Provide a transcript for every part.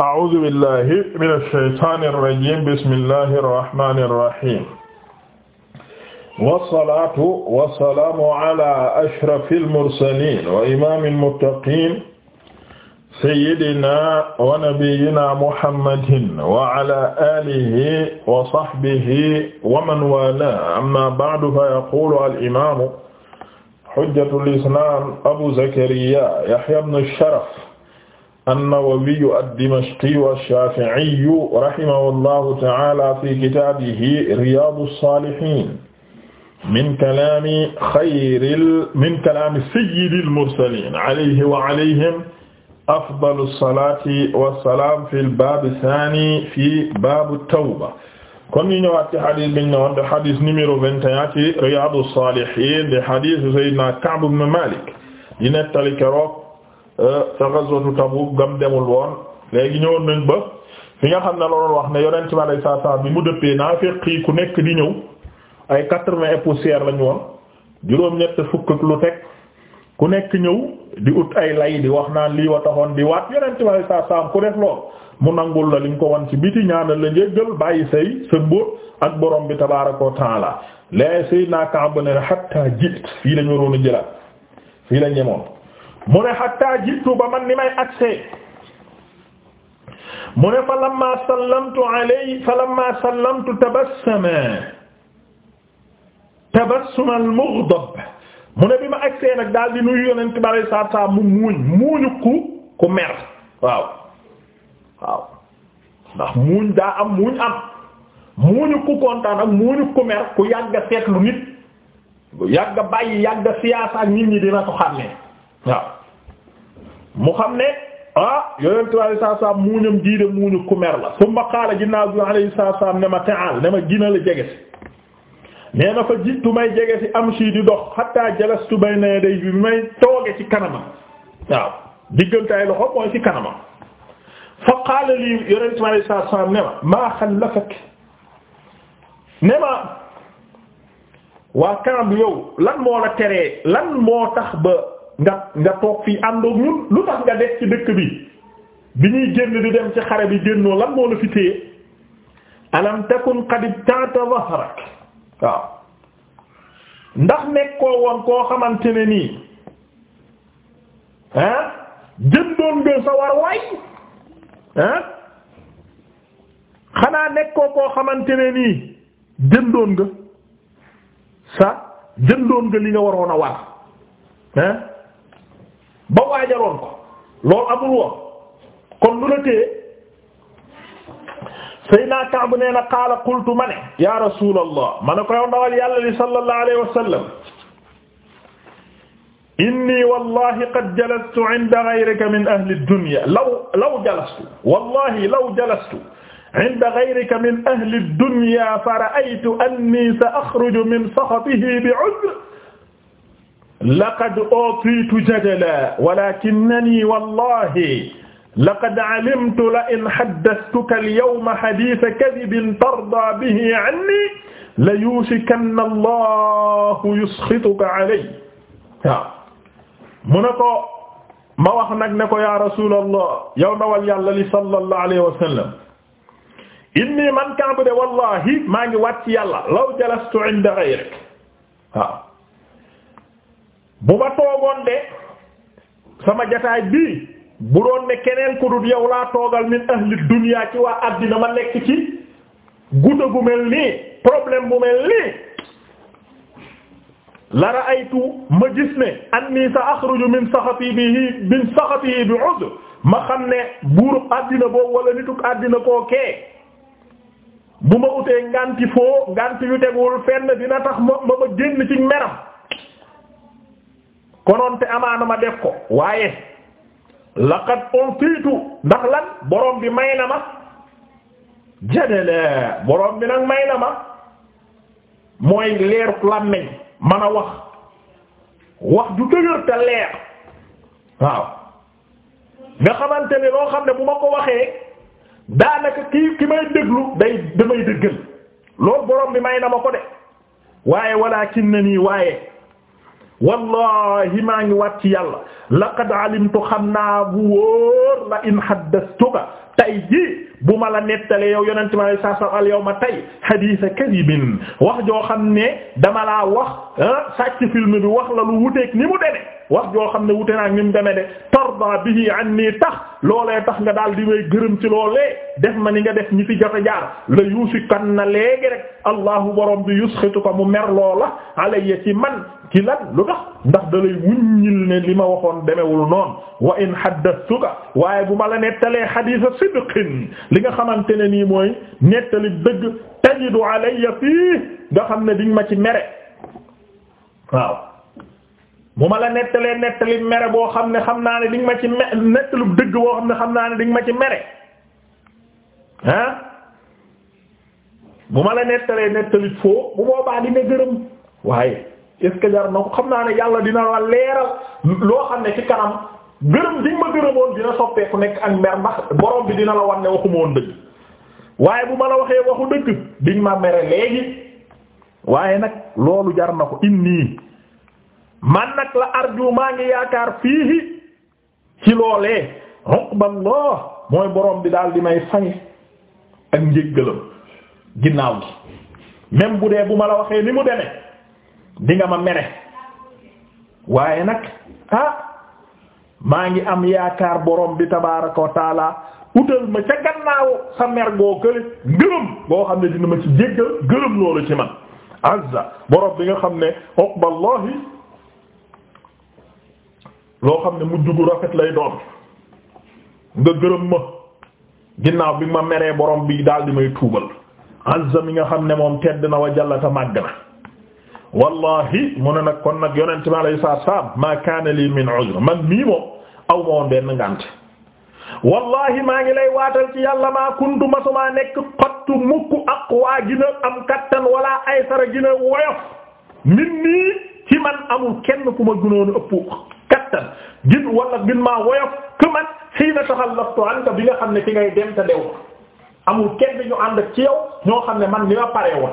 أعوذ بالله من الشيطان الرجيم بسم الله الرحمن الرحيم والصلاة والسلام على أشرف المرسلين وإمام المتقين سيدنا ونبينا محمد وعلى آله وصحبه ومن والاه أما بعد فيقول الإمام حجة الإسلام أبو زكريا يحيى بن الشرف an-Nawawiyu ad-Dimashqiyu ash-Shaafi'iyu rahimahullahu ta'aala fi kitaabihi Riyaadu s-Saalihiin min kalaami xayril min kalaami sayyidil mursaliin alayhi wa alayhim afdalu s-salaati wa salaam fil baabi saani fi baabu tawba kon ñu ñëwaat ci xadis bi ñu ñëwoon de xadis numéro 21 ci Riyaadu s-Saalihiin de xadisu Sayyidinaa Ka'b ibn Maalik di nettali keroog Euh, ca ghazwatu Tabuk gam demul woon léegi ñëwoon nañ ba fi nga xam ne loolu wax ne yonent bi alayhi salaam bi mu dëppee naafiq yi ku nekk di ñëw ay quatre-vingts et poussière lañu woon juróom-ñett fukk lu teg ku nekk ñëw di ut ay lay di wax naan lii wa taxoon di waat yonent bi alayhi salaam ku def lool mu nangul la li nga ko wan ci biti ñaanal la njéggal bàyyi say sa mbóot ak borom bi tabaaraka wa la lee say naa Kaab ne hatta jiit fii lañu waroon a jëlaat fii la ñemoon mu ne xatta jiitu ba man ni may agsee mu ne fa lamma sallamtu alay fa lamma sallamtu tabassama tabassuma al mu ne bi ma agsee nag daal di nuyu yonent bi alayhi salaatu mu muuñ muuñu ku ku mer waaw waaw ndax muuñ daa am muuñ am muuñu ku kontaan ak muuñu ku mer ku yàgg seetlu nit yàgg bàyyi yàgg siyaasa ak nit ñi dina ko xàmmee waaw mu xam ne ah yonentu alayhi salaatu salaam muuñam gii de muuñu ku mer la summa qaala ginnaaw bi alayhi salaatu salaam ne ma ta'al ne ma gina la jege si nee na fa jiitu may jege si amshi di dox hatta jalastu bayna yaday bi may tooge ci kanamam waaw diggantaay loxo mooy ci kanamam fa qaala lii yonentu salaam ne ma maa xallafak ne ma waa kanam yow lan moo la teree lan moo tax ba nga nga toog fii àndoog ñun lu tax nga des ci dëkk bi bi ñuy génn di dem ci xare bi génnoo lan moo la fi téye alam takun qad ta'ta dhahrak waaw ndax nekkoo woon koo xamante ne nii ah jëndoon nga sa war waay ah xanaa nekkoo koo xamante ne nii jëndoon nga sa jëndoon nga li nga waroon a war ah ba waajaloon ko loolu amul woon kon lu la téye Seydina Ka'b nee na qaala qultu ma ne ya rasulallah ma ne ko yow ndawal yàlla li sallallahu alayhi wa sallam inni wallahi qad jalastu inda ghayrika min ahli dunya law law jalastu wallahi law jalastu inda ghayrika min ahli dunya fa ra'aytu anni sa akhruju min sakhatihi bi'udhr laqad utiitu jadala walakinnani wallahi laqad alimtu la in haddastuka alyawma haditha kadibin tarda bihi anni la yusikanna allahu yusxituka alay waaw mu ne ko ma wax nag ne ko ya rasulallah yow ndawal yàlla li sallallahu alayhi wa sallam inni man Ka'b de wallahi maa ngi wàcc yàlla law jalastu inda ghayrik waaw bu ma toogoon de sama jataay bii bu doon ne keneen ku yow laa toogal min ahli dunya ci waa àddina ma nekk ci guta gu mel nii problème bu mel nii la ra'aytu ma gis ne anni sa akhruju min saxati bihi min saxatihi bi udr ma xam ne buurub àddina boo wala nituk àddina koo kee bu ma utee nganti foo nganti yu tegul fenn dina tax ma ma ma génn ci meram konoon te amaana ma def ko waaye laqad untitu ndax lan borom bi may na ma jadala borom bi nag may na ma mooy leer làmmeñ man a wax wax ju dëgër te leer waaw nga xamante ne loo xam ne bu ma ko waxee daanaka ki ki may déglu day damay dëggal loolu borom bi may na ma ko de waaye walakin na nii waaye wallahi maa ngi waat ci yàlla laqad alimtu xam naa bu wóor la in haddastuka tay ji bu ma la nettalee yow yonente ma alei saa salam al yawma tay haditha kadibin wax joo xam ne dama la wax ah, sàcc film bi wax la lu wuteeg ni mu deme wax joo xam ne wute naa ni mu deme de tarda bihi anni tax loolee tax nga daal di may gërëm ci loolee def ma ni nga def ñi fi jot a jaar la yuusi kan na léegi rek allahu borom bi yusxituka mu mer loola alayya ci man ci lan lu tax ndax da wuññil ne li ma waxoon demewul noonu wa in haddathuka waaye bu ma la nettalee haditha sidqin li nga xamante ne nii mooy nettali dëgg tajidu alayya fii nga xam ne diñ ma ci mere waaw bu ma la nettalee nettali mere boo xam ne xam naa ne diñ ma ci me nettalu dëgg boo xam ne xam naa ne diñ ma ci mere ah bu ma la nettalee nettali foo bu boobaa di nga gërëm waaye est-ce que jar na ko xam naa ne yàlla dina la leeral loo xam ne ci kanam gërëm di ma gërëmoon dina soppeeku nekk ak mer ndax borom bi dina la wan ne waxuma woon dëgg waaye bu ma la waxee waxu dëgg diñ ma mere léegi waaye nag loolu jar na ko inni man nag la arju maa ngi yaakaar fii ci loolee uqballah mooy boroom bi daal di may sangi ak njéggalam ginnaaw gi même bu dee bu ma la waxee ni mu deme di ma mere waaye nag ah maa ngi am yaakaar borom bi tabaaraka wa taala utal ma ca gannaaw sa mer goo kële gërëm boo xam ne dina ma ci jéggal gërëm loolu ci man azza borom bi nga xam ne uqballahi loo xam ne mujj gu rafet lay doon nga gërëm ma ginnaaw bi ma meree borom bii daal di may tuubal azza mi nga xam ne moom tedd na wa jallata màgg na wallahi mu ne nag kon nag yonent bi alayhi salaatu salaam maa kaana lii min uzr man mii aw ma woon benn wallahi maa ngi lay waatal ci yàlla maa kuntu masumaa nekk xottu mukk aqwa gina am kattan wala aysara gina woyof min nii ci man amul kenn ku ma gënoon ëpp kattan gin wala gin maa woyof ku man taxallaftu anka bi nga xam ne fi ngay dem ta kenn ñu ànd ak ci yow ñoo xam ne man ni ma paree woon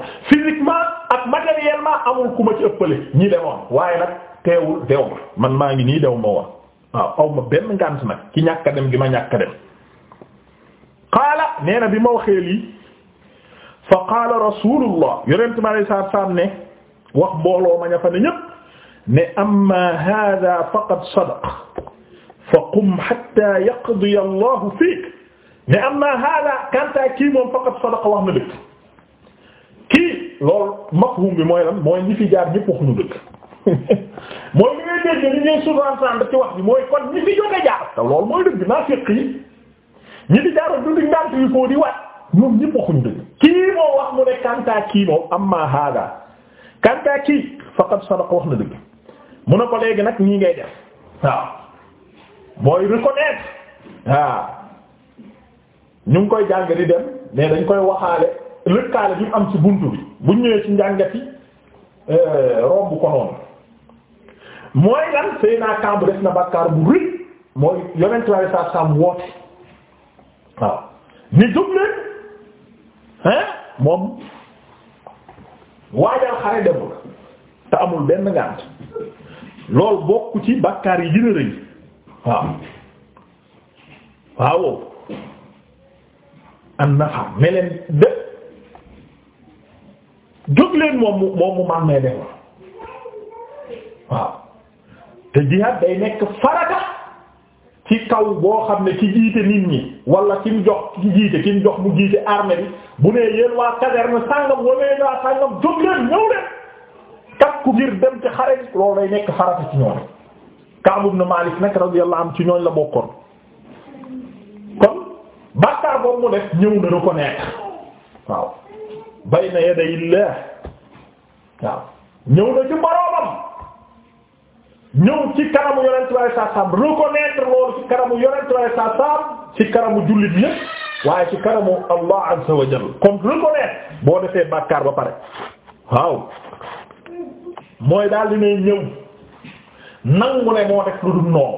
ak matériellement amul ku ma ci ëppale ñi demoon waaye nag teewul dew man maa ngi nii de ma woon aw ma benn ngànt nag ci ñàkk a dem gi ma ñàkk dem qaala nee na bi ma waxee lii fa qaala rasulullah yonent mi alei saatu salaam ne wax mbooloo ma ña fa ne ñépp ne amma hada faqad sadaq fa qum yaqdi allahu fiik ne amma hada kanta kii moom faqad sadaq wax na dëgg lool mafhum bi mooy lan mooy ñi fi jaar ñëpp waxuñu dëgg mooy li ngay dégg li ngay sous-entendre ci wax bi mooy kon ñi fi jóge jaar te loolu mooy dëgg naafiq yi ñi fi jaar du di dant yi foo di waat waxuñu dëgg kii moo wax mu ne kanta kii moom amma hada kanta kii faqad sadaq wax na dëgg mu ne ko léegi nag ñii ngay def waaw mooy reconnaître waaw ñu ngi koy jàng di dem mais dañ koy waxaale lëkkaale bi am ci buntu bi bu ñëwee ci njàngat yi euh, romb ko noonu mooy lan sëy naa kàmb def na bàkkaar bu rëy mooy yonent bi alayhi salaatu salaam woote waaw ni jóg leen moom waajal xare demul te amul benn ngànt lool bokk ci bàkkaar yi gën rëy waaw waaw an nafa meleen jóg leen moom mu moom mu man waaw te jihaad day nekk farata ci kaw boo xam ne ci jiite nit ñi wala ki mu jox mu jox mu jiite armée bi bu nee yéen waa caserne sàngam wala yéen waa sàngam jóg leen ñëw leen takku ngir dem ci xare loolu day nekk farata ci ñoom Kaab ibn Maalik nag radiyallahu anhu ci ñooñ la bokkoon kon bàkkaar boobu mu def ñëw na reconnaître waaw bayna yadayillah waaw ñëw na ci boroomam ñëw ci kanamu yonent bi saa saam reconnaître loolu ci kanamu yonent bi saa saam ci kanamu jullit yépp waaye ci boo defee bàkkaar ba pare waaw mooy daal di ne ñëw nangu ne moo def lu dul noonu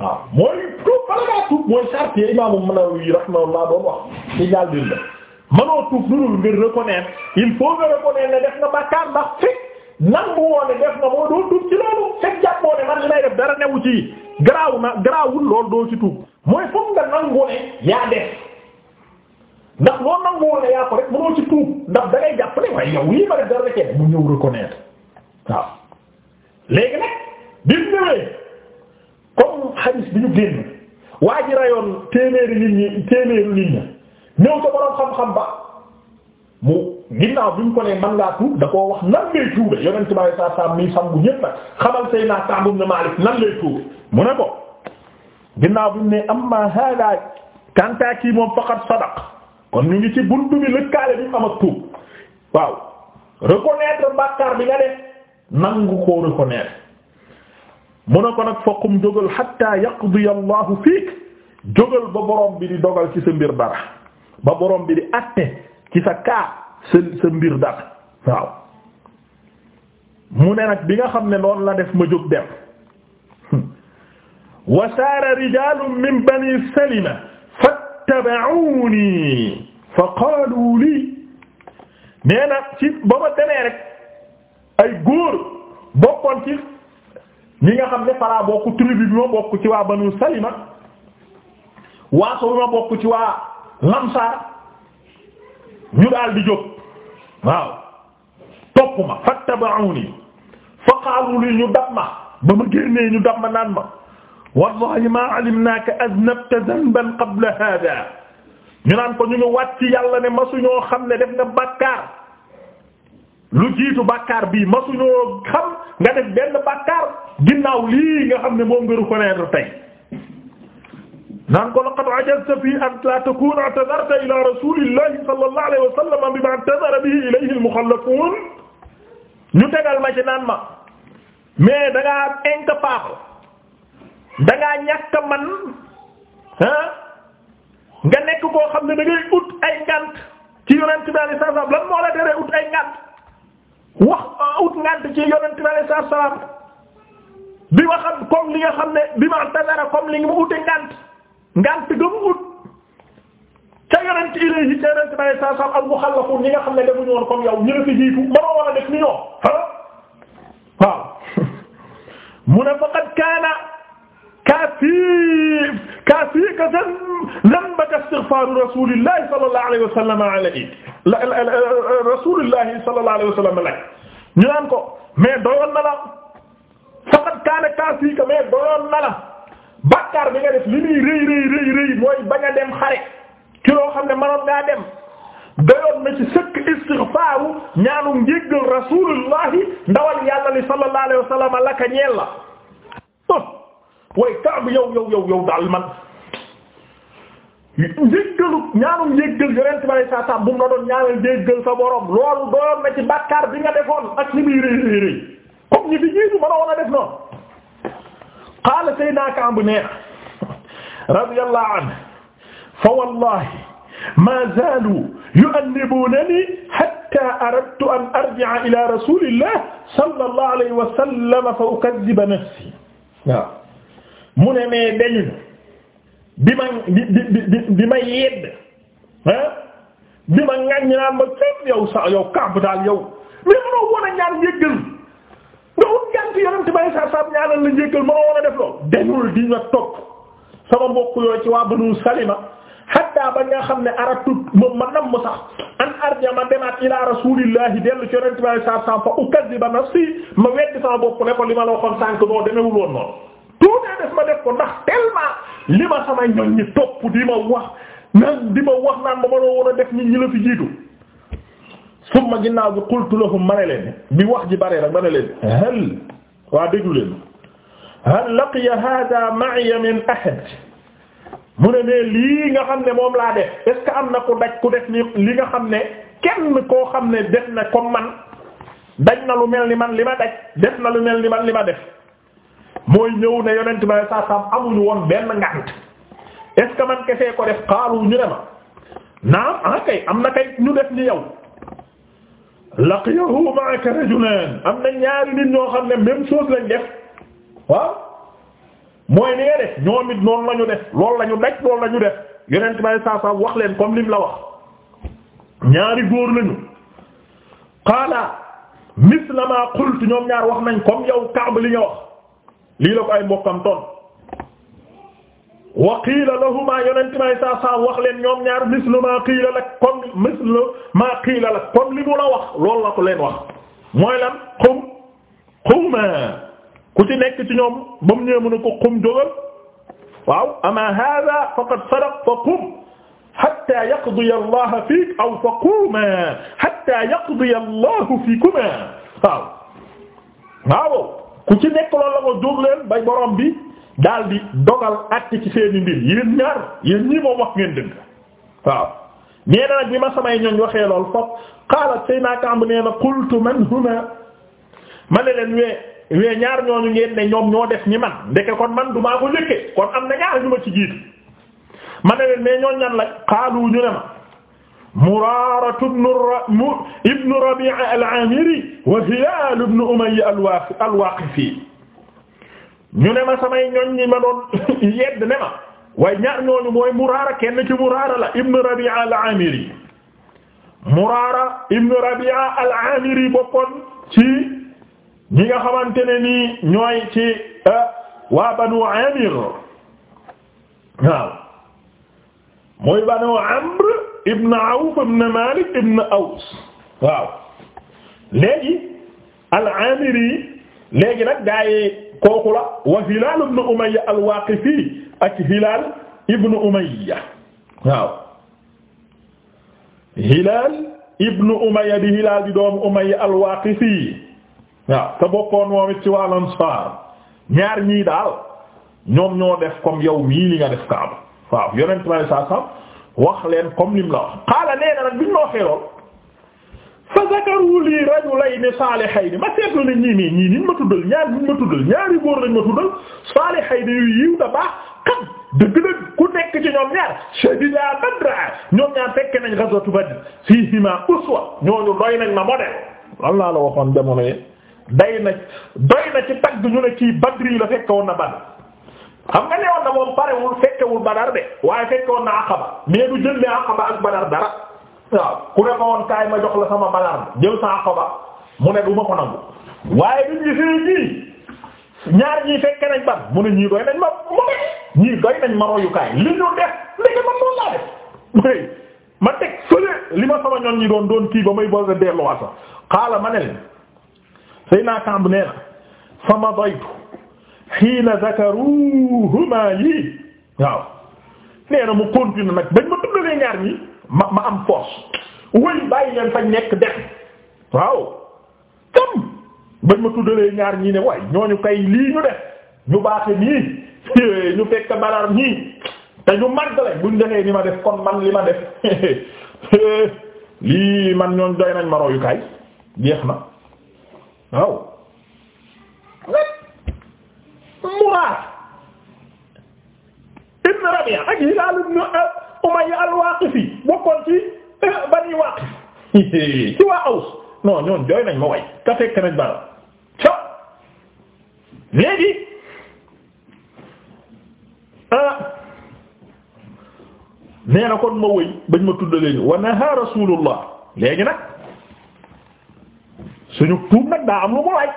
waaw mooy tout par rapport mooy charte Imaamu Nawawi rahimahullah doon wax ci ñaal din manoo tuub lu dul ngir reconnaître il faut nga reconnaître ne def nga bàkkaar ndax fekk nangu woon ne def nga moo doo tuub ci loolu fekk jàppoo ne man def dara newu ci garaaw na garaawul loolu doo ci tuub mooy foog nga nangu ne yaa def ndax loolu nangu woon ne yaa ko rek mënoo ci tuub ndax da ngay ne waaye yow lii ma def dara rek mu ñëw reconnaître waaw léegi nag bi mu ñëwee comme bi ñu génn waa ji rayoon téeméeri nit ñi téeméeru nit ñi ñëw sa borom xam-xam ba mu ginnaaw bi mu ko nee man ngaa tuub da koo wax nan lay tuube yonent bi sallallahu alayhi wasallam mi sangu ñépp nag xamal say naa Ka'b ibn Malik nan lay tuube mu ne ko ginnaaw bi mu ne amma hada kanta kii moom faqat sadaq kon ñu ngi ci buntu bi lëkkaale bi mu am ak tuub waaw reconnaître bi nga def nangu koo reconnaître mu ne ko nag faqum jógal hatta yaqdi Allahu fiik jógal ba borom bi di dogal ci sa mbir dara ba borom bi di àtte ci sa kaa sa mbir dat mu ne nag bi nga xam ne noonu la def ma jóg dem wa saara rijalun min bani salima fattaba'uni fa qaalu lii nee na ci ba ma demee rek ay góor bokkoon ci ñi nga xam ne falaa bokk tribu bi ma bokk ci waa banu salima waaso bi ma bokk ci waa lamsaar ñu daal di jóg waaw topp ma fattaba'uni fa qaalu li ñu dab ma ba ma génnee ñu dab ma naan ma wallahi ma alimnaaka aznabta dhanban qabla hada ñu naan ko ñu ngi wàcc yàlla ne masuñoo xam ne def nga bàkkaar lu jiitu bàkkaar bii masuñoo xam nga def benn bàkkaar ginnaaw lii nga xam ne moom nga reconnaître tey naan ko laqad ajazta fii an la takuna i'tazarta ila rasulillahi sallallahu alayhi wa ñu tegal ma mais da ngaa incapable da ngaa ah, nekk koo xam ne da ngay ut ay ngant ci yonent bi alayhi salaam lan moo la teree ut uh, bi ma xam comme li nga xam ne bi ma tazara comme li nga ma ute ngant. ngant ga mu ut ca yonent ilayhi ca yonent ba saa saa al muxallafun ñi nga xam ne defuñu woon comme yow ñëw fi jiitu ba ma war a def ni ñoom waaw mu ne faqad kaana kaafii kaafii ka dhanbaka istighfaaru rasuulillahi sallallahu alayhi wa sallam alayhi rasuulillahi sallallahu alayhi wa sallam lak ñu naan ko mais doyoon na la faqad kaana kaafii ka mais doyoon na la bàkkaar bi nga def li muy rëy rëy rëy mooy bañ a dem xare ci loo xam ne manoon ngaa dem dayoon na ci sëkk istighfaaru ñaanum njéggal rasuulullahi ndawal yàlla li sallallahu alayhi wa laka ñeel la way Kaab yow yow yow yow daal man njéggalu ñaanum njéggal yorent ba lay saa saa bu mu na doon ñaanal njéggal sa borom loolu doyoon na ci bàkkaar bi nga defoon ak li muy rëy rëy rëy comme ñi fi jiitu mënoon a def noonu qaala sayyidunaa Kaab nee na radiyallahu anhu fa wallahi maa zaaluu yu'annibuunanii hattaa aradtu an arji'a ilaa rasuulillah sallallahu alayhi wa sallam fa ukazziba nafsii waaw mu ne mais dañu bi ma bi bi bi ma yedd ah bi ma ŋaññi naan ma yow sa yow Kaab daal yow mais mënoo woon a ñaar yëggal ngant yonent bay sa sab ñaanal la njëkkal ma woon a def lool dañul di nga topp sama mbokk yooyu ci waa Banu Salima hatta ba nga xam ne aratu moom ma nam sax an arja ma demaat ila rasulillahi dellu ci yonent bay sa sab fa ukazziba nafsi ma weddi sama bopp ne ko li ma la waxoon sànk noo demewul woon noonu tuutee def ma def ko ndax tellement li ma sama ñoñ ñi topp di ma wax naan di ma wax naan ma mënoo woon a def nit ñi la fi jiitu summa ginnaaw bi qultu lahum ma leen bi wax ji bare nag ma leen hal waa déglu leen hal laqiya hada ma'iya min ahad mu ne nee lii nga xam ne moom laa def est que am na ku daj ku def ni li nga xam ne kenn koo xam ne def na comme man daj na lu mel ni man li ma daj def na lu mel ni man li ma def mooy ñëw ne yonent bi sallallahu alayhi amuñu woon benn ngànt est ce que man kesee ko def xaalu ñu ne ma naam ah kay am na kay ñu def ni yow laqiyahu ma'aka rajulan am na ñaari nit ñoo xam ne même chose lañ def waaw mooy ni nga def ñoom it noonu la ñu def loolu la ñu daj loolu la ñu def yonent bay saa saa wax leen comme lim la wax ñaari góor lañu qaala na ma qultu ñoom ñaar wax nañ comme yow Kaab li nga wax lii la ko ay mbokkam ton wa qiila lahumaa yonent may saa saa wax leen ñoom ñaar mislu maa qiila lak comme mislu maa qiila lak comme li mu la wax loolu la ko leen wax mooy lan xum xumaa ku ci nekk ci ñoom ba mu ñëw mu ne ko xum jógal waaw amaa haaza faqad sadaq fa qum hatta yaqdi allah fiik aw fa qumaa hatta yaqdi allah fiikumaa waaw waaw ku ci nekk loolu la ko jóg leen bay borom bi daal di dogal àtte ci seeni mbir yéen ñaar yéen ñii moom wax ngeen dëgg waaw ñee nag bi ma samay ñoñ waxee lool foofu xaalat say naakàmb nee na qultu man huma ma ne leen wee wee ñaar ñooñu ngeen ne ñoom ñoo def ñi man ndeke kon man du maa ko njëkke kon am na ñaar ñu ci jiitu ma ne leen mais ñooñ ñan la xaalu ñu ne ma Muraara ibnu Rabi'a al-Aamiri wa Hilaal ibnu Umayya al-Waaqifi ñu ne ma samay ñoñ ma doon yedd ne ma waaye ñaar ñooñu mooy Muraara kenn ci Muraara la ibn Rabi'a al-Amiri Muraara ibn Rabi'a al-Amiri bokkoon ci ñi nga xamante ne nii ñooy ci eh, waa Banu Amir waaw mooy Banu Amr ibn Awf ibn Malik ibn Aws waaw léegi al-Amiri léegi nag kooku la wa Hilaal ibn Umayya al-Waaqifi ak Hilaal ibn Umayya waaw Hilaal ibn Umayya di Hilaal di doomu Umayya al waaw te bokkoon moom ci waa Ansaar ñaar ñii daal ñoom ñoo def comme yow mii li nga def Kaaba waaw yonent bi sallallahu alayhi wasallam wax leen comme lim la wax qaala nee nag biñ la waxee fa zakaru lii rajulayni salihayni ma seetlu ne ñii nii ñii niñ ma tuddal ñaar niñ ma tuddal ñaari góor lañ ma tuddal salihayni yu yiw da baax xam dëgg ku nekk ci ñoom ñaar shahida badra ñoom ñaar fekke nañ ghazwatu badr fiihima uswa ñooñu doy nañ ma modèle lan laa la waxoon jamono yi doy na ci tagg ñu ne kii badr yi la fekke woon na badr xam nga ne woon na moom parewul fekkewul badar de waaye fekke woon na aqaba mais du jël ne aqaba ak badar dara waaw ku ne ma kaay ma jox la sama balaan jël sa aqaba mu ne du ko nangu waaye bi ñu gisee ñii ñaar ñii fekke nañ ban mu ne ñii doy nañ ma mu ne ñii doy nañ ma royukaay li ñu ma teg fële li ma sama ñoon ñi doon kii ba may bëgg a delluwaat sax xaala ma ne leen sëy naa kàmb nee na fa ma doytu xiina nee na mu continue nag bañ ma tuddalee ñaar ñi ma ma am force wëy bàyyi leen fa nekk def waaw tam bañ ma tuddalee ñaar ñii ne waay ñooñu kay lii ñu def ñu baaxe nii ñu fekk barar nii te ñu màggale buñ defee ni ma def kon man li ma def lii man ñooñ doy nañ ma royukaay jeex na waaw muraar ibn Rabi'a ak Hilaal Umayya al-Waqifi bokkoon ci eh, Bani Waqif ci waa Aws non jooy nañ ma way ka fekk nañ bara so léegi ah. nee na kon ma wëy bañ ma tuddaleen wa naha rasulullah léegi nag suñu tuub nag daa am lu mu laaj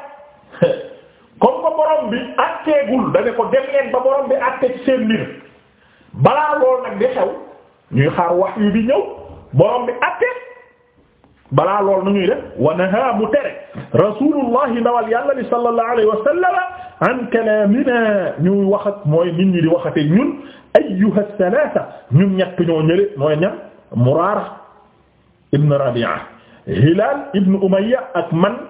comme que borom bi àtteegul da ne ko dem leen ba borom bi àtte ci seen mbir balaa lool nag di xew ñuy xaar wax yu bi ñëw borom bi balaa lool nu ñuy def wa naha mu tere rasulullahi ndawal yàlla li sallallahu alayhi wa sallama wax ak mooy nit ñi di waxate ñun ayyuha thalatha ñun ñett ñoo ñële mooy ñam Murara Hilal ibn Umayya ak man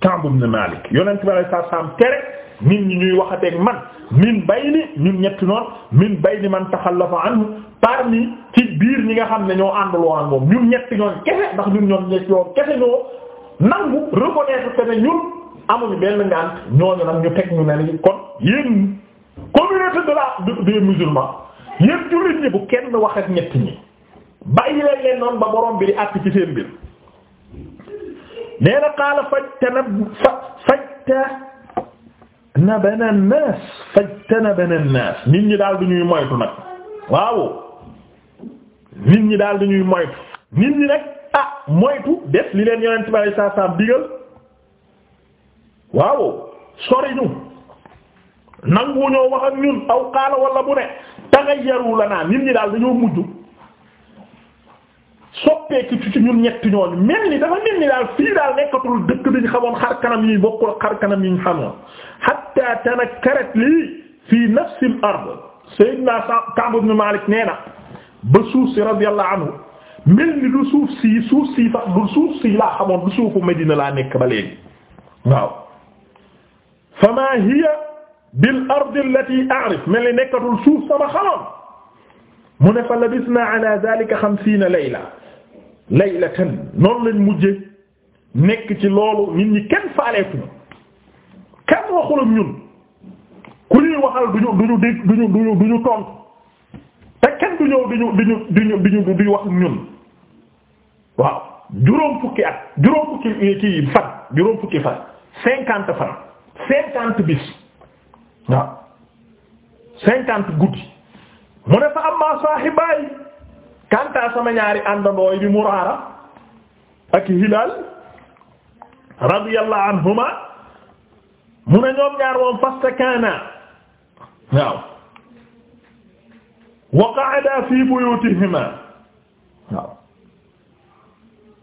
Ka'b ibn Malik yonent bi alayhi salaam tere nit ñi ñuy waxateeg man min bayni ñun ñett noon min bayni man takhallafa anhu parmi ci biir ñi nga xam ne ñoo àndul woon ak moom ñun ñett ñoon kese ndax ñun ñoom ñett ñoom kese ñoo nangu reconnaître que ne ñun amuñu benn ngànt ñooñu nag ñu teg ñu ne ni kon yéen communauté de la des musulmans yéen jullit ñi bu kenn wax ak ñett ñi bàyyi leen leen noonu ba borom bi di àtt ci seen mbir nee na qaala fajtanab fajtanabana an-nas fajtanabana an-nas nit ñi daal du ñuy moytu nag waaw nit ñi daal dañuy moytu nit ñi nag ah moytu def li leen yonent bi saa saa digal waaw sori ñu nangu ñoo wax ak ñun aw xaala wala bu ne taxayyaru naa nit ñi daal dañoo mujj soppeeku ci ci ñun ñetti ñooñu mel ni dafa mel ni daal fii daal nekkatul dëkk bi xamoon xar kanam yi bokkul xar kanam yi ñu xamoon hatta tanakkarat lii fii nafsil ard sayyidna Ka'b ibn Malik nee na. ba suuf si radiyallahu anhu mel ni du suuf si suuf si sax du suuf si laa xamoon du suufu Medina laa nekk ba léegi waaw fa maa hiya bil ardi allati a'rif mel ni nekkatul suuf sama xamoon mu ne fa labisna ala zalika xamsiina layla laylatan noonu lañ mujje nekk ci loolu nit ñi kenn faaleetuñu kenn waxul ak ñun ku ñuy waxal duñu duñu dégg duñu duñu duñu tontu te kenn du ñëw di ñu di ñu di ñu di wax ñun waaw juróom fukki at juróom fukki kii fan juróom fukki fan cinquante fan cinquante bis waaw cinquante guddi mu ne fa amma saahibaay kanta sama ñaari àndandoo yi Muraara ak Hilaal radiyallahu anhuma mu ne ñoom ñaar woon fastakaana waaw wa qa'ada fi buyutihima waaw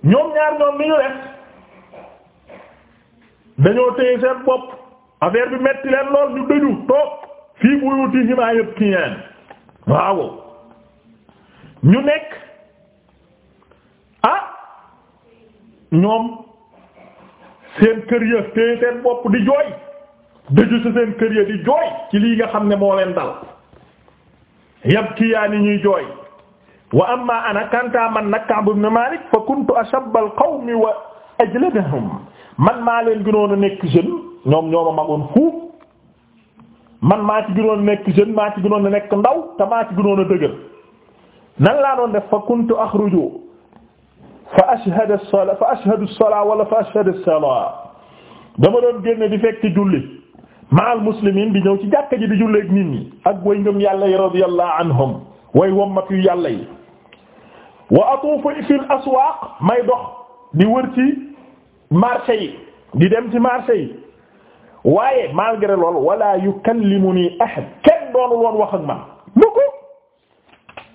ñoom ñaar ñoom ni ñu def dañoo téye seen bopp affaire bi metti leen lool ñu dëju toog fi buyutihima yëpp ki ñeen waaw ñu nekk ah ñoom seen kër ya téye seen bopp di jooy dëju ci seen kër ya di jooy ci lii nga xam ne moo leen dal yabkiyaani ñuy jooy wa amma ana kanta man nag Ka'b ibn Malik fa kuntu ashabba al-qawmi wa ajladahum man maa leen gënoon a nekk jeune ñoom ñoo ma magoon fuuf man maa ci gënoon a nekk jeune maa ci gënoon a nekk ndaw te maa ci gënoon a dëgër nan laa doon def fa kuntu akhruju fa ashhadu as-salaa fa ashhadu as-salaa wala fa ashhadu as-salaa dama doon génne di fekk julli maal muslimin di ñëw ci jàkka ji di julleek nit ñi ak way ngëm yàlla yi radiyallahu anhum way wommat yu yàlla yi wa atuufu fil aswaaq may dox di wër ci marché yi di dem ci marché yi waaye malgré lool wala yukallimuni ahad kenn doonul woon wax ak man nu ko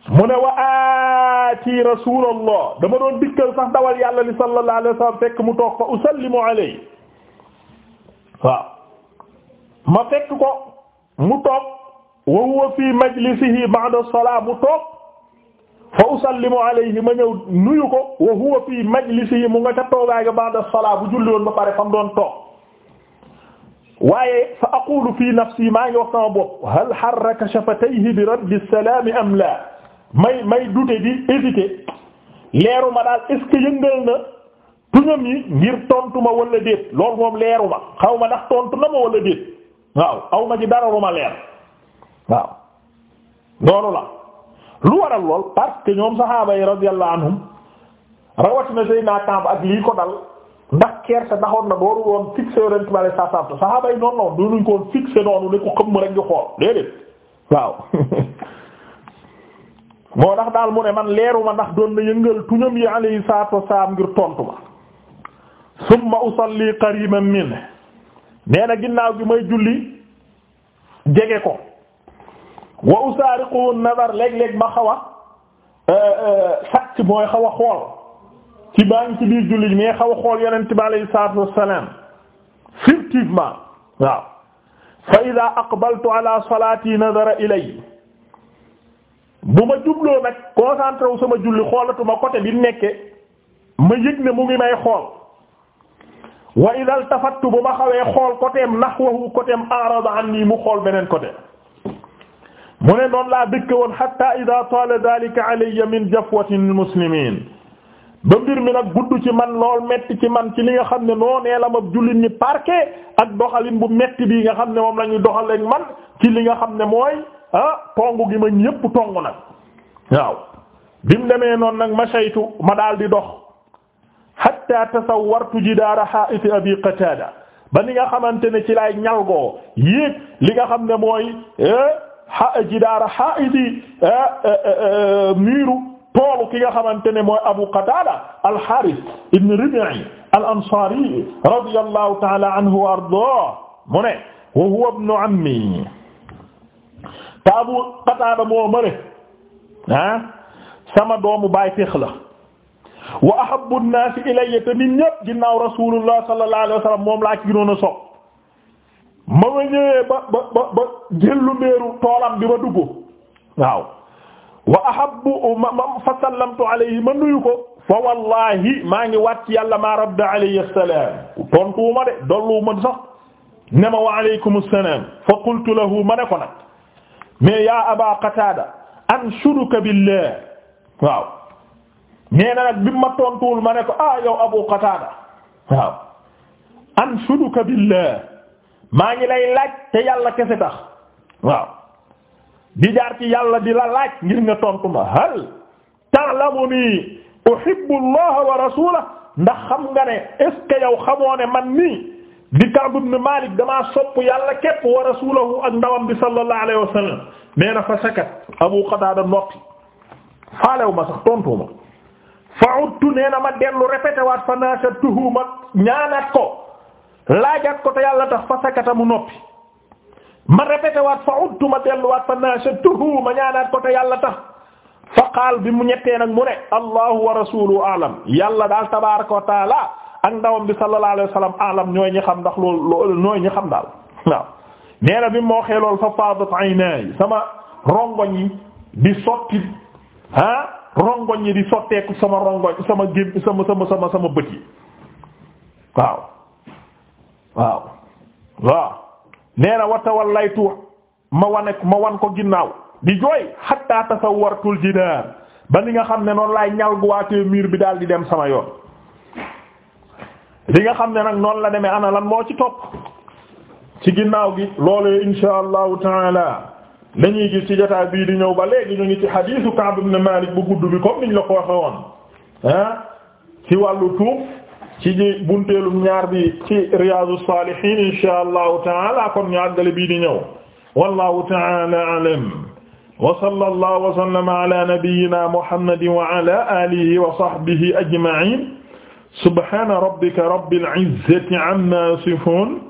mu ne wa aati rasulullah dama doon dikkal sax dawal yàlla li sallallahu alayhi wa fekk mu toog fa usallimu alayhi waaw ma fekk ko mu toog wa huwa fi majlisihi ba'da salaa mu toog fa usallimu alayhi ma ñëw nuyu ko wa huwa fi majlisihi mu nga ca toogaay ga ba'da salaa bu julli woon ba pare fa mu doon toog waaye fa aqulu fi nafsi maa ngi wax sama bopp hal harraka shafatayhi bi raddi salaami am laa may may dute di hésiter leeru ma daal est-ce que yëngal na tuñam yi ngir tontu ma wala déet loolu moom leeru ma xaw ma ndax tontu na ma wala déet. waaw aw ma ci dara lu ma leer waaw loolu la lu waral lool parce que ñoom saxaaba yi radiyallahu anhum rawatina naa Kaab ak lii ko dal ndax kersa ndaxoon na dooru woon fixé ren ci wàllu saa saabte saxaaba yi noonu noonu doonuñ ko rek ñu xool déedéet waaw. moo tax daal mu ne man leeruma ndax doon na yëngal tuñam yi alayhi salaatu wa salaam ngir tontu ma summa usalli qariban minhu nee na ginnaaw gi may julli jege ko wa usaariqu nazar léeg-léeg ma xaw a euh, euh, sàcc mooy xaw a xool ci baa ngi ci biir julli mais xaw a xool yonent bi alayhi salaatu wassalaam furtivement waaw fa ida aqbaltu ala salaati nadara ilay bu ma jubloo nag concentré wu sama julli xoolatuma côté bi nekke ma yëg ne mu ngi may xool wa idha iltafattu bu ma xawee xool côtéem nahwahu côtéem arada nii mu xool beneen côté mu ne noonu laa dëkke woon hatta idha taala dhalika alayya min jafwati almuslimin ba mbir mi nag gudd ci man lool metti ci man ci li nga xam ne noonee la ma jullit ni parke ak doxalin bu metti bii nga xam ne moom lañuy doxal ak man ci li nga xam ne mooy ah tongu gi ma yépp tongu nag waaw bi mu demee noonu nag ma saytu ma daal di dox hatta tasawwartu jidaara haa'iti abi qataada ba ni nga xamante ne ci laay ñalgoo yéeg li nga xam ne mooy eh, jidaara haa'iti eh, eh, miiru toolu ki nga xamante ne mooy abu qataada al-haaris ibn rib'i al-ansaari radiyallahu ta'ala anhu wa ardaahu mu ne wa huwa ibnu ammi ta abu qataada moo male ah sama doomu baay tex la wa ahabbu an-naasi ilayya te nit ñépp ginnaaw rasulullah sallallahu alayhi wa sallam moom laa ci gënoon a sopp ma ma ñëwee ba ba ba ba jëllu mbéeru toolam bi ma dugg waaw wa ahabbu ma ma fa sallamtu alayhi ma nuyu ko fa wallahi maa ngi wàcc yàlla maa radd alayhi salaam tontuuma de dolluuma sax ne ma wa alaykum salaam fa qultu lahu ma ne ko nag mais ya aba qatada anshuduka billah waaw nee na nag bi ma tontuwul ma ne ko ah yow Abu Qatada waaw anshuduka maa ngi lay laaj te yàlla kese tax waaw di jaar ci yàlla di la laaj ngir nga tontu ma hal ta'lamuni uhibbu Allah wa rasulahu ndax xam nga ne est ce que xamoo ne man ni di Ka'b ibn Malik damaa sopp yàlla képp wa rasulahu ak ndawam bi sallallahu alayhi wa sallam nee fa sakat Abu Qatada noppi faalew ma sax tontu fa'udtu nee na ma dellu répété waat fa nashatuhu ma ñaanaat ko laajaat ko te yàlla tax fa sakata mu noppi ma répété waat fa'udtu ma delluwaat fa nashatuhu ma ñaanaat ko te yàlla tax fa qaal bi mu ñettee nag mu ne allahu wa rasuluhu alam yàlla daal tabaaraka wa taala ak ndawam bi sallallahu alayhi alam ñooy ñi xam ndax loolu ñooy ñi xam daal waaw nee bi moo xeelool fa faadat aynay sama rongoñ di sotti ah rongoñ yi di sotteeku sama rongoñ sama gém sama sama sama sama bët yi waaw waaw waaw nee na watawallaytu ma wane ma wan ko ginnaaw di jooy hatta tasawwartul jinaan ba ni nga xam ne noonu laay ñal guwaatee miir bi daal di dem sama yoon li nga xam ne nag noonu la demee ana lan moo ci topp ci ginnaaw gi loolee insha allahu taala dañuy gis ci jotaay bii di ñëw ba léegi ñu ngi ci xadiisu Kaab ibn Maalik bu gudd bi comme niñ la ko waxe woon ah ci wàllu tuub ci ji bunteelum ñaar bi ci Riyaadu Saalihiin insha allahu taala kon ñu àggale bii di ñëw wallahu taala alam wa sallallahu wa sallama ala nabiyyina muhammadin wa ala alihi wa sahbihi ajma'in subhana rabbika rabbil izzati amma yasifun